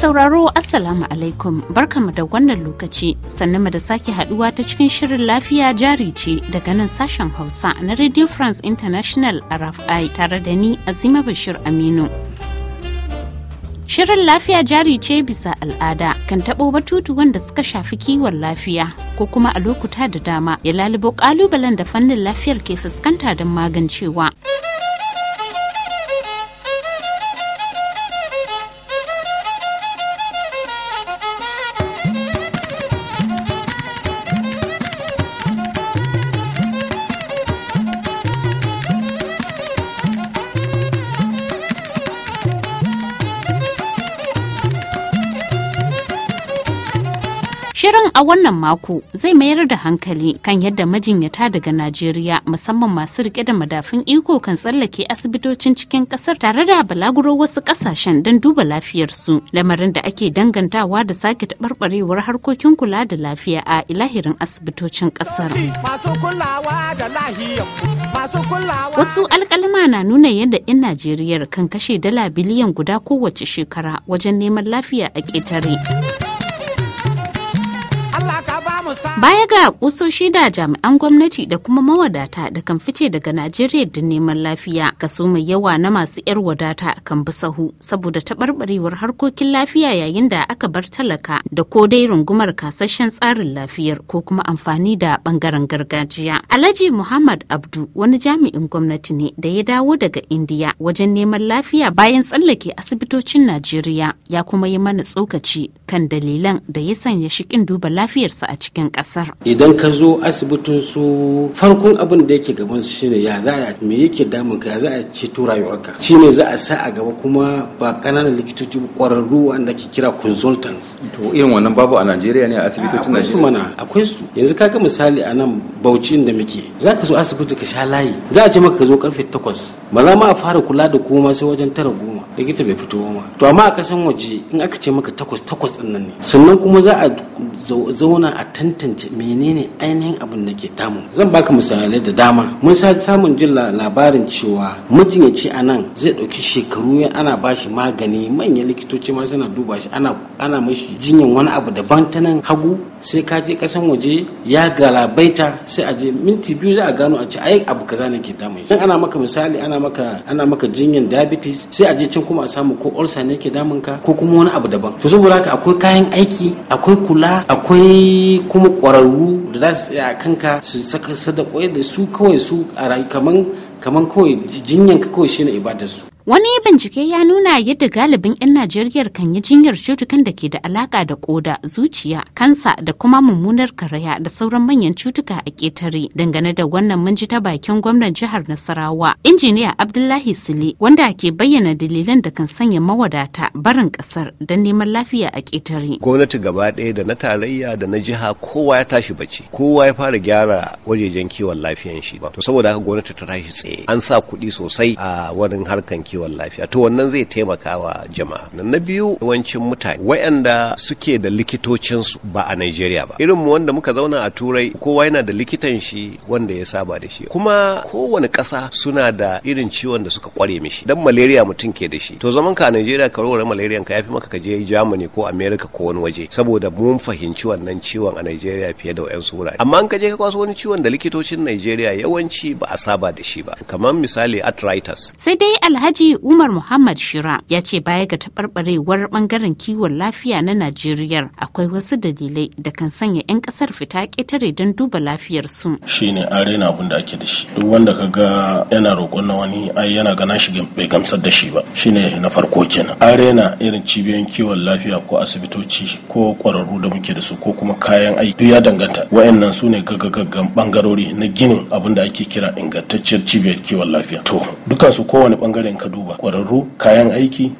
sauraro Assalamu alaikum barkamu da wannan lokaci sannan da sake haduwa ta cikin shirin lafiya jari ce daga nan sashen Hausa na Radio France International RFI tare da ni Azima Bashir Aminu. Shirin lafiya jari ce bisa al'ada kan taɓo batutu wanda suka shafi kiwon lafiya ko kuma a lokuta da dama ya lalubo kalubalen da fannin lafiyar ke fuskanta don magancewa. a wannan mako zai mayar da hankali kan yadda majinyata daga Najeriya musamman masu rike da madafin iko kan tsallake asibitocin cikin kasar tare da balaguro wasu kasashen don duba lafiyarsu lamarin da ake dangantawa da sake taɓarɓarewar harkokin kula da lafiya a ilahirin asibitocin kasar. Wasu alkalma na nuna yadda 'yan Najeriya kan kashe dala biliyan guda kowace shekara wajen neman lafiya a ƙetare. Baya ga kusoshi da jami'an gwamnati da kuma mawadata da kan fice daga Najeriya da neman lafiya kaso mai yawa na masu 'yar wadata kan bi sahu saboda taɓarɓarewar harkokin lafiya yayin da aka bar talaka da ko dai rungumar kasashen tsarin lafiyar ko kuma amfani da ɓangaren gargajiya. Alhaji Muhammad Abdu wani jami'in gwamnati ne da ya dawo daga Indiya wajen neman lafiya bayan tsallake asibitocin Najeriya ya kuma yi mana tsokaci kan dalilan da ya sanya shikin duba lafiyarsa a cikin kasar. Idan ka zo asibitin su farkon abin da yake gaban su shine ya za a me yake damun ka ya za a ceto rayuwarka ne za a sa a gaba kuma ba ƙananan likitoci ƙwararru wanda ke kira consultants. To irin wannan babu a Najeriya ne a asibitocin Najeriya. Akwai su mana akwai su yanzu kaga misali a nan baucin da muke za ka zo asibiti ka sha layi za a ce maka ka zo karfe takwas ba za ma a fara kula da koma sai wajen tara goma likita bai fito ma to amma a kasan waje in aka ce maka takwas takwas din nan ne sannan kuma za a zauna a tantance menene ainihin abin da ke damu zan baka misalai da dama mun samun jin labarin cewa mijinyaci a nan zai ɗauki shekaru ana bashi magani manyan likitoci ma suna duba shi ana ana mashi jinyan wani abu daban ta nan hagu sai ka je kasan waje ya galabaita sai a je minti biyu za a gano a ce ai abu kaza ne ke damun shi ana maka misali ana maka ana maka jinyan diabetes sai a je can kuma a samu ko ulcer ne ke damun ka ko kuma wani abu daban to saboda haka akwai kayan aiki akwai kula akwai kuma kwararru da za su tsaya kanka su saka sadakoyi da su kawai su a kaman kaman kawai jinyan ka kawai shine ibadar su Wani bincike ya nuna yadda galibin 'yan Najeriya kan yi jinyar cutukan da ke da alaka da koda, zuciya, kansa da kuma mummunar karaya da sauran manyan cutuka a ƙetare. Dangane da wannan mun ji ta bakin gwamnan jihar Nasarawa, injiniya Abdullahi Sile, wanda ke bayyana dalilan da kan sanya mawadata barin kasar don neman lafiya a ƙetare. Gwamnati gaba ɗaya da na tarayya da na jiha kowa ya tashi bacci, kowa ya fara gyara wajejen kiwon lafiyan shi ba. To saboda haka gwamnati ta tashi tsaye, an sa kuɗi sosai a wurin harkan kiwon lafiya to wannan zai taimaka wa jama'a na biyu yawancin mutane wayanda suke da likitocinsu ba a Najeriya ba irin mu wanda muka zauna a turai kowa yana da likitan shi wanda ya saba da shi kuma kowane ƙasa suna da irin ciwon da suka kware mishi dan malaria mutum ke da shi to zaman ka a Najeriya ka rora malaria ka yafi maka ka je Germany ko America ko wani waje saboda mun fahimci wannan ciwon a Najeriya fiye da wayansu wurare amma an ka je ka kwaso wani ciwon da likitocin Najeriya yawanci ba a saba da shi ba kamar misali arthritis sai dai Alhaji Alhaji Umar Muhammad Shira ya ce baya ga taɓarɓarewar bangaren kiwon lafiya na Najeriya akwai wasu dalilai da kan sanya 'yan ƙasar fita ƙetare don duba lafiyarsu. Shi ne an raina abin da ake da shi. Duk wanda ka ga yana roƙon na wani ai yana gana shi bai gamsar da shi ba. shine ne na farko kenan. An raina irin cibiyoyin kiwon lafiya ko asibitoci ko ƙwararru da muke da su ko kuma kayan aiki duk ya danganta. Wa'annan su ne gaggagaggan ɓangarori na ginin abun da ake kira ingantacciyar cibiyar kiwon lafiya. To dukansu kowane ɓangaren ka duba kwararru kayan aiki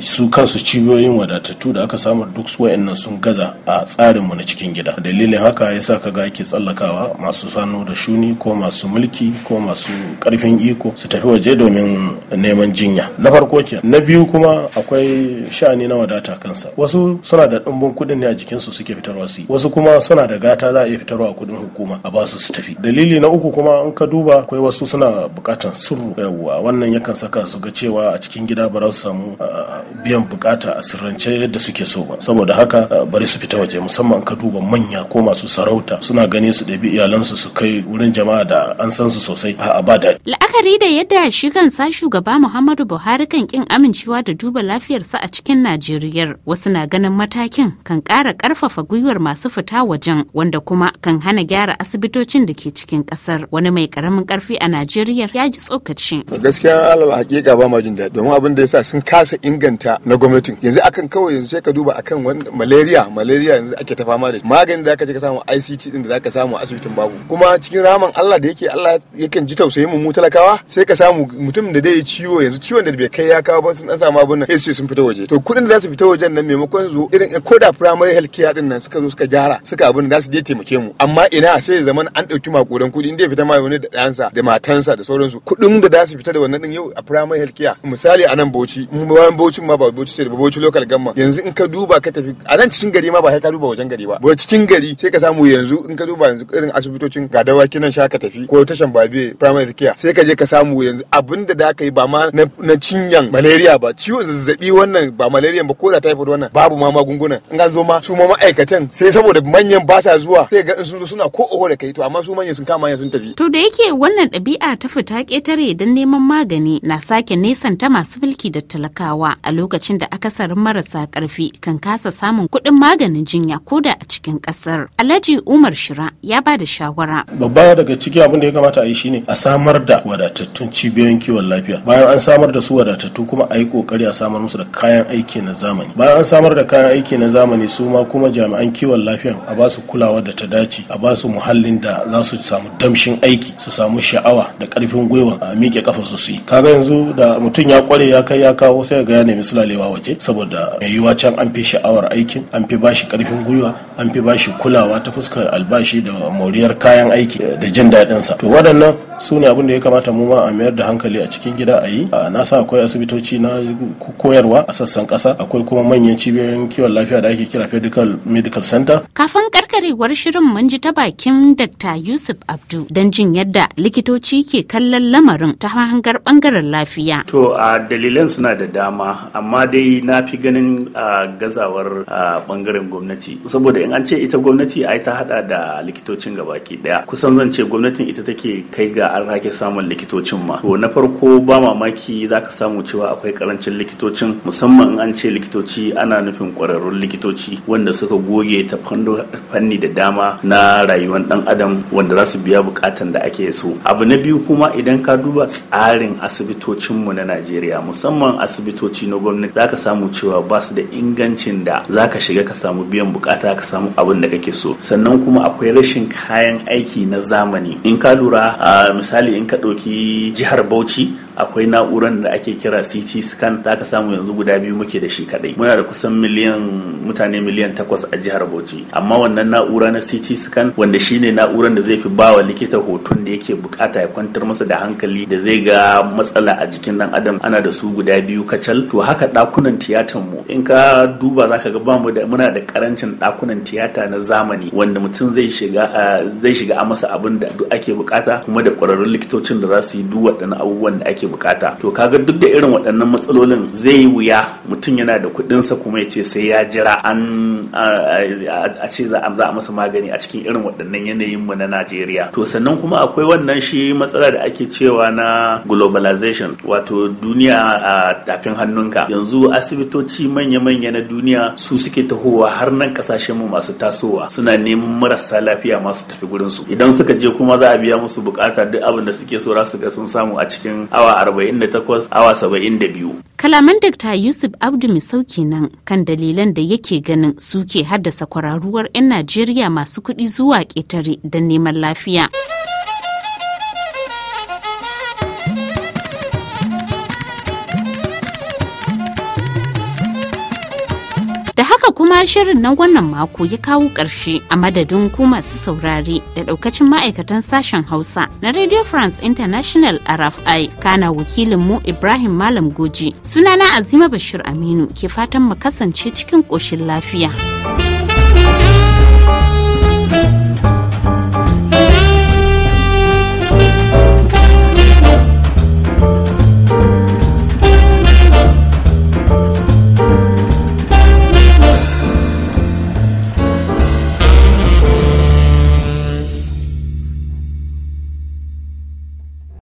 su kansu cibiyoyin wadatattu da aka samu duk su sun gaza a tsarinmu na cikin gida dalilin haka ya yasa kaga ake tsallakawa masu sano da shuni ko masu mulki ko masu karfin iko su tafi waje domin neman jinya na farko ke na biyu kuma akwai sha'ani na wadata kansa wasu suna da ɗumbin kuɗin ne a jikinsu suke fitarwa su wasu kuma suna da gata za a iya fitarwa a kuɗin hukuma a ba su su tafi dalili na uku kuma in ka duba akwai wasu suna buƙatan sirru yawwa wannan yakan saka su ga cewa a cikin gida ba za su samu ah, biyan bukata a sirrance yadda suke so ba saboda haka ah, bari su fita waje musamman ka duba manya ko masu sarauta suna gani su ɗabi iyalansu su kai wurin jama'a da an san su sosai a ba daɗi. la'akari da yadda shi sa shugaba muhammadu buhari kan kin amincewa da duba lafiyarsa a cikin najeriya wasu na ganin matakin kan kara karfafa gwiwar masu fita wajen wanda kuma kan hana gyara asibitocin da ke cikin ƙasar wani mai karamin karfi a najeriya ya ji tsokaci. gaskiya alal hakika ba ma jin daɗi domin abin da yasa sun kasa inganta na gwamnatin yanzu akan kawai yanzu sai ka duba akan malaria malaria yanzu ake ta fama da maganin da zaka je ka samu ICT din da zaka samu asibitin babu kuma cikin raman Allah da yake Allah yakan ji tausayin mu talakawa sai ka samu mutum da dai ciwo yanzu ciwon da bai kai ya kawo ba sun an samu abin nan sai sun fita waje to kuɗin da za su fita wajen nan maimakon zo irin ko da primary health care din nan suka zo suka gyara suka abin da za su je taimake mu amma ina sai zaman an ɗauki makudan kuɗi inda ya fita ma wani da ɗansa da matansa da sauransu kuɗin da za su fita da wannan din yau a primary milkiya misali a nan Bauchi bayan Bauchi ma ba Bauchi sai ba Bauchi local gamma yanzu in ka duba ka tafi a nan cikin gari ma ba sai ka duba wajen gari ba ba cikin gari sai ka samu yanzu in ka duba yanzu irin asibitocin gadawa kinan sha ka tafi ko tashan babe primary care sai ka je ka samu yanzu abinda da ka yi ba ma na cinyan malaria ba ciwon zazzabi wannan ba malaria ba ko da typhoid wannan babu ma magungunan in an zo ma su ma ma'aikatan sai saboda manyan ba sa zuwa sai ga sun zo suna ko oho da kai to amma su manyan sun kama sun tafi to da yake wannan ɗabi'a ta fita ƙetare don neman magani na sake nisan ta masu mulki da talakawa a lokacin da akasarin marasa karfi kan kasa samun kudin maganin jinya ko da a cikin kasar Alhaji Umar Shira ya ba da shawara. Babba daga ciki abin da ya kamata a yi shine a samar da wadatattun cibiyoyin kiwon lafiya. Bayan an samar da su wadatattu kuma a yi kokari a samar musu da kayan aiki na zamani. Bayan an samar da kayan aiki na zamani su ma kuma jami'an kiwon lafiya a ba su kulawa da ta dace, a ba su muhallin da za su samu damshin aiki, su samu sha'awa da karfin gwiwa a miƙe kafa su su yi. Kaga yanzu da da mutum ya kware ya kai ya kawo sai ga ya nemi sulalewa waje saboda mai yiwuwa can an fi sha'awar aikin an fi bashi karfin gwiwa an fi bashi kulawa ta fuskar albashi da moriyar kayan aiki da jin daɗin sa to waɗannan su ne abin da ya kamata mu ma a mayar da hankali a cikin gida a yi na sa akwai asibitoci na koyarwa a sassan ƙasa akwai kuma manyan cibiyoyin kiwon lafiya da ake kira medical medical center kafin karkarewar shirin mun ji ta bakin dr yusuf abdu don jin yadda likitoci ke kallon lamarin ta hangar bangaren lafiya To a dalilan suna da dama amma dai na fi ganin gazawar bangaren gwamnati saboda in an ce ita gwamnati ai ta hada da likitocin gabaki daya kusan zan ce gwamnatin ita take kai ga an rake samun likitocin ma to na farko ba mamaki za zaka samu cewa akwai karancin likitocin musamman in an ce likitoci ana nufin kwararrun likitoci wanda suka goge ta fanni da dama na rayuwar dan adam wanda za su biya bukatan da ake so abu na biyu kuma idan ka duba tsarin asibitocin mu na Najeriya musamman asibitoci na gwamnati zaka samu cewa ba su da ingancin da zaka shiga ka samu biyan bukata ka samu abin da kake so sannan kuma akwai rashin kayan aiki na zamani in ka lura misali in ka ɗauki jihar Bauchi akwai na'uran da ake kira CT scan da aka samu yanzu guda biyu muke da shi kadai muna da kusan miliyan mutane miliyan takwas a jihar Bauchi amma wannan na'ura na CT scan wanda shine na'uran da zai fi bawa likita hoton da yake bukata ya kwantar masa da hankali da zai ga matsala a jikin dan adam ana da su guda biyu kacal to haka dakunan tiyatan mu in ka duba zaka ga bamu da muna da karancin dakunan tiyata na zamani wanda mutum zai shiga zai shiga a masa abin da ake bukata kuma da kwararrun likitocin da za su yi duk waɗannan abubuwan da ake ake bukata to kaga duk da irin waɗannan matsalolin zai yi wuya mutum yana da kuɗinsa kuma ya ce sai ya jira an a ce za a masa magani a cikin irin waɗannan yanayin mu na Najeriya to sannan kuma akwai wannan shi matsala da ake cewa na globalization wato duniya a tafin hannunka yanzu asibitoci manya-manya na duniya su suke tahowa har nan kasashen mu masu tasowa suna neman marasa lafiya masu tafi gurin su idan suka je kuma za a biya musu bukata duk abin da suke so su ga sun samu a cikin awa awa 48 awa 72. Kalaman Dr. Yusuf Abdu Misau nan kan dalilan da yake ganin suke haddasa kwararruwar 'yan Najeriya masu kuɗi zuwa ƙetare don neman lafiya. kuma shirin na wannan mako ya kawo ƙarshe a madadin ku masu saurari da ɗaukacin ma'aikatan sashen Hausa na Radio France International RFI kana wakilin mu Ibrahim Malam Goji sunana Azima Bashir Aminu ke fatan mu kasance cikin ƙoshin lafiya.